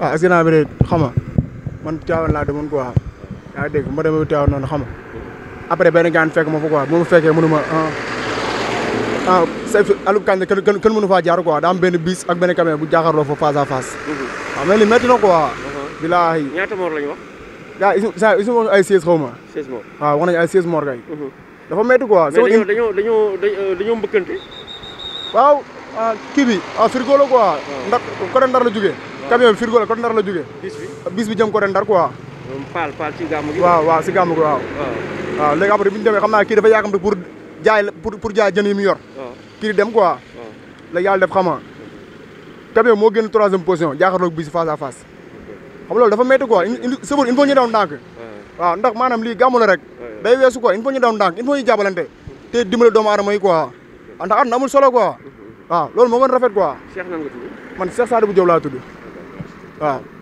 waaw accident bi de xam nga man Tivaouane laa demoon quoi yaa dégg ma demee Tivaouane noonu xam nga après benn gaan fekk ma fa quoi bu ma fekkee mënu ma ah, ah say Aliou Kandé kenn kenn mënu faa jaar quoi daa am benn bis ak benn camion bu jaaxarloo fa face à face. Mhm. waaw mais li métti na ko uh-huh. a ñaata mort lañu wax. yaa isu saa isu ma ay 16 xaw ma. 16 mort waaw wax kay. Mhm. dafa métti quoi. mais dañoo dañoo dañoo euh, dañoo mbëkkante. waaw ah, kii bi ah frigo la quoi. Ah. Ndar la jógee. camion bi frigo la ko ndar la jógee. bis bi bis bi ko ren ndar quoi. paal paal ci gàmmu gi. waaw waaw si gàmmu gi waaw. waaw léegi bi ñu demee xam naa kii dafa yàkkamte pour jaay pour pour jaay jën yi mu yor. kii dem quoi. la yàlla def xama camion moo génn troisième position jaaxaroog bis face à face. xam loolu dafa métti quoi il sëbër il faut ñu daw ndànk. waaw ndax maanaam lii gàmmu la rek. day weesu ko il faut ñu daw ndànk il faut ñu jàppalante. te dimbale doomu aadama yi quoi. ndax at na amul solo ko mm-hmm. waaw loolu moo gën rafet quoi. Cheikh nan nga tudd. man laa tudd. waaw